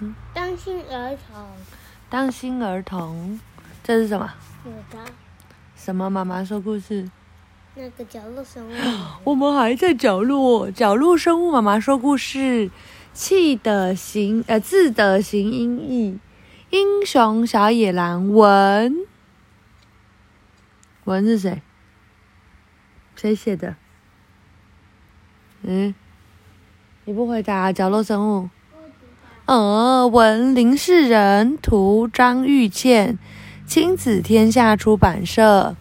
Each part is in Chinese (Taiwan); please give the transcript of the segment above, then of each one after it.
嗯、當心兒童，當心兒童，這是什麼？我的什麼？媽媽說故事。那個角落生物。我們還在角落，角落生物。媽媽說故事，氣的形，呃，字的形音義。英雄小野狼。文，文是誰？誰寫的？嗯，你不回答啊？角落生物。呃、哦，文林世仁，圖章毓倩》，親子天下出版社。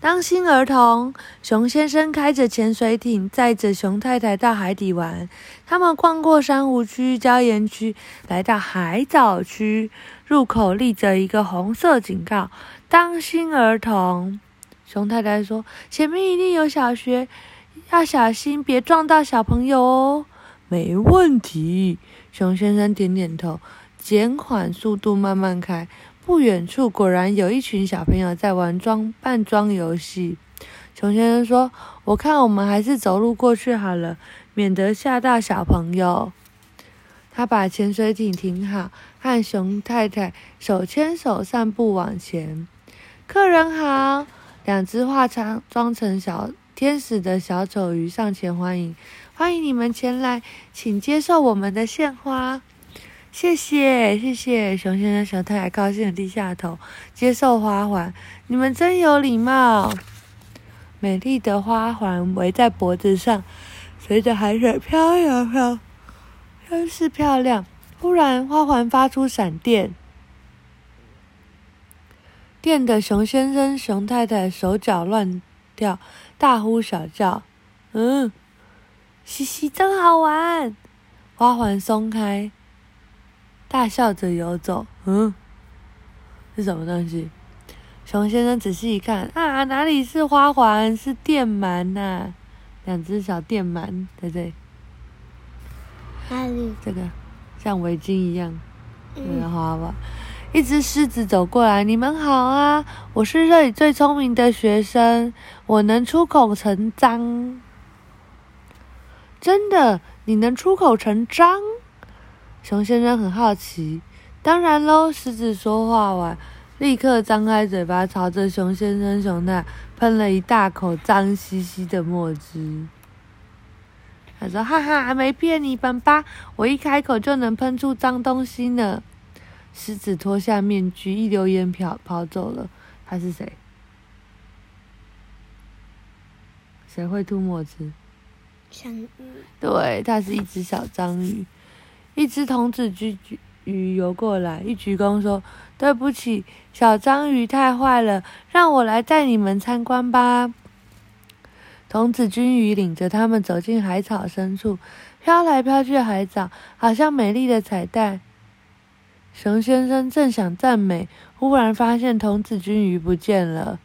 當心兒童！熊先生開着潛水艇，載着熊太太到海底玩。他們逛過珊瑚區、礁岩區，來到海藻區。入口立着一個紅色警告：“當心兒童！”熊太太說：“前面一定有小學，要小心，別撞到小朋友哦。”“沒問題。”熊先生點點頭，減緩速度，慢慢開。不遠處果然有一群小朋友在玩裝扮裝遊戲。熊先生說：“我看我們還是走路過去好了，免得嚇到小朋友。”他把潛水艇停好，和熊太太手牽手散步往前。客人好，兩隻畫艙裝成小。天使的小丑魚上前歡迎，歡迎你們前來，請接受我們的獻花，謝謝謝謝。熊先生、熊太太高興地低下頭，接受花環。你們真有禮貌。美麗的花環圍在脖子上，隨着海水飄呀飄，真是漂亮。忽然，花環發出閃電，電的熊先生、熊太太手腳亂跳，大呼小叫，嗯，嘻嘻，真好玩。花環鬆開，大笑着游走，嗯，是什麼東西？熊先生仔細一看，啊，哪裡是花環，是電鰻吶、啊！兩隻小電鰻，對不對？哪裡，這個像圍巾一樣，那、嗯、個花吧。一隻獅子走過來，你們好啊！我是這裡最聰明的學生，我能出口成章。真的，你能出口成章？熊先生很好奇。當然嘍，獅子說話完，立刻張開嘴巴，朝着熊先生、熊太太噴了一大口髒兮兮的墨汁。他說：“哈哈，還沒騙你們吧？我一開口就能噴出髒東西呢。”獅子脫下面具，一溜煙飄跑走了。他是誰？誰會吐墨汁？章魚。對，它是一只小章魚。一只童子軍魚游過來，一鞠躬說：“對不起，小章魚太壞了，讓我來帶你們參觀吧。”童子軍魚領着他們走進海草深處，飄來飄去，海藻好像美麗的彩蛋。熊先生正想讚美，忽然發現童子軍魚不見了。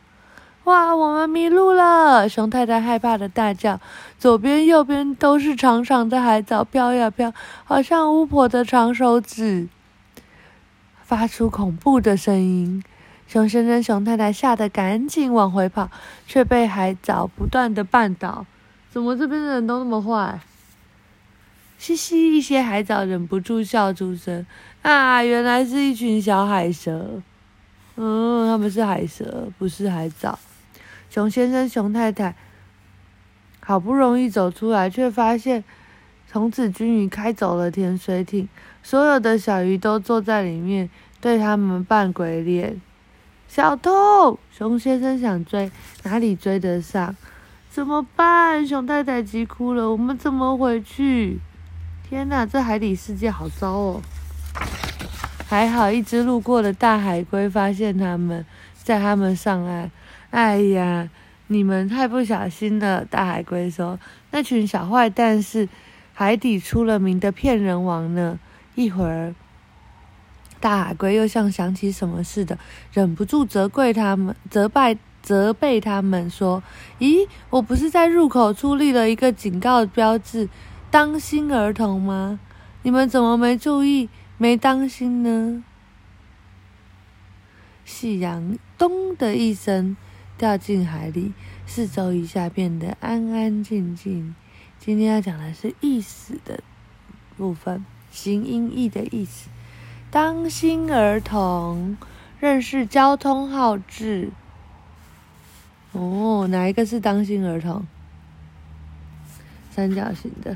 哇，我們迷路了！熊太太害怕的大叫：“左邊、右邊都是長長的海藻，飄呀飄，好像巫婆的長手指，發出恐怖的聲音。”熊先生、熊太太嚇得趕緊往回跑，卻被海藻不斷的絆倒。怎麼這邊的人都那麼壞？嘻嘻，一些海藻忍不住笑出聲。啊，原來是一群小海蛇。嗯，他們是海蛇，不是海藻。熊先生、熊太太好不容易走出來，卻發現，童子軍已開走了潛水艇，所有的小魚都坐在裡面，對他們扮鬼臉。小偷！熊先生想追，哪裡追得上？怎麼辦？熊太太急哭了。我們怎麼回去？天吶，這海底世界好糟哦！還好一隻路過的大海龜發現他們，載他們上岸。哎呀，你們太不小心了！大海龜說：“那群小壞蛋是海底出了名的騙人王呢。”一會兒，大海龜又像想，想起什麼似的，忍不住責怪他們、責敗責備他們說：“咦，我不是在入口處立了一個警告標誌？”當心兒童嗎？你們怎麼沒注意、沒當心呢？夕陽咚的一聲掉進海裡，四周一下變得安安靜靜。今天要講的是意思的部分，形音義的意思。當心兒童，認識交通號誌。哦，哪一個是當心兒童？三角形的。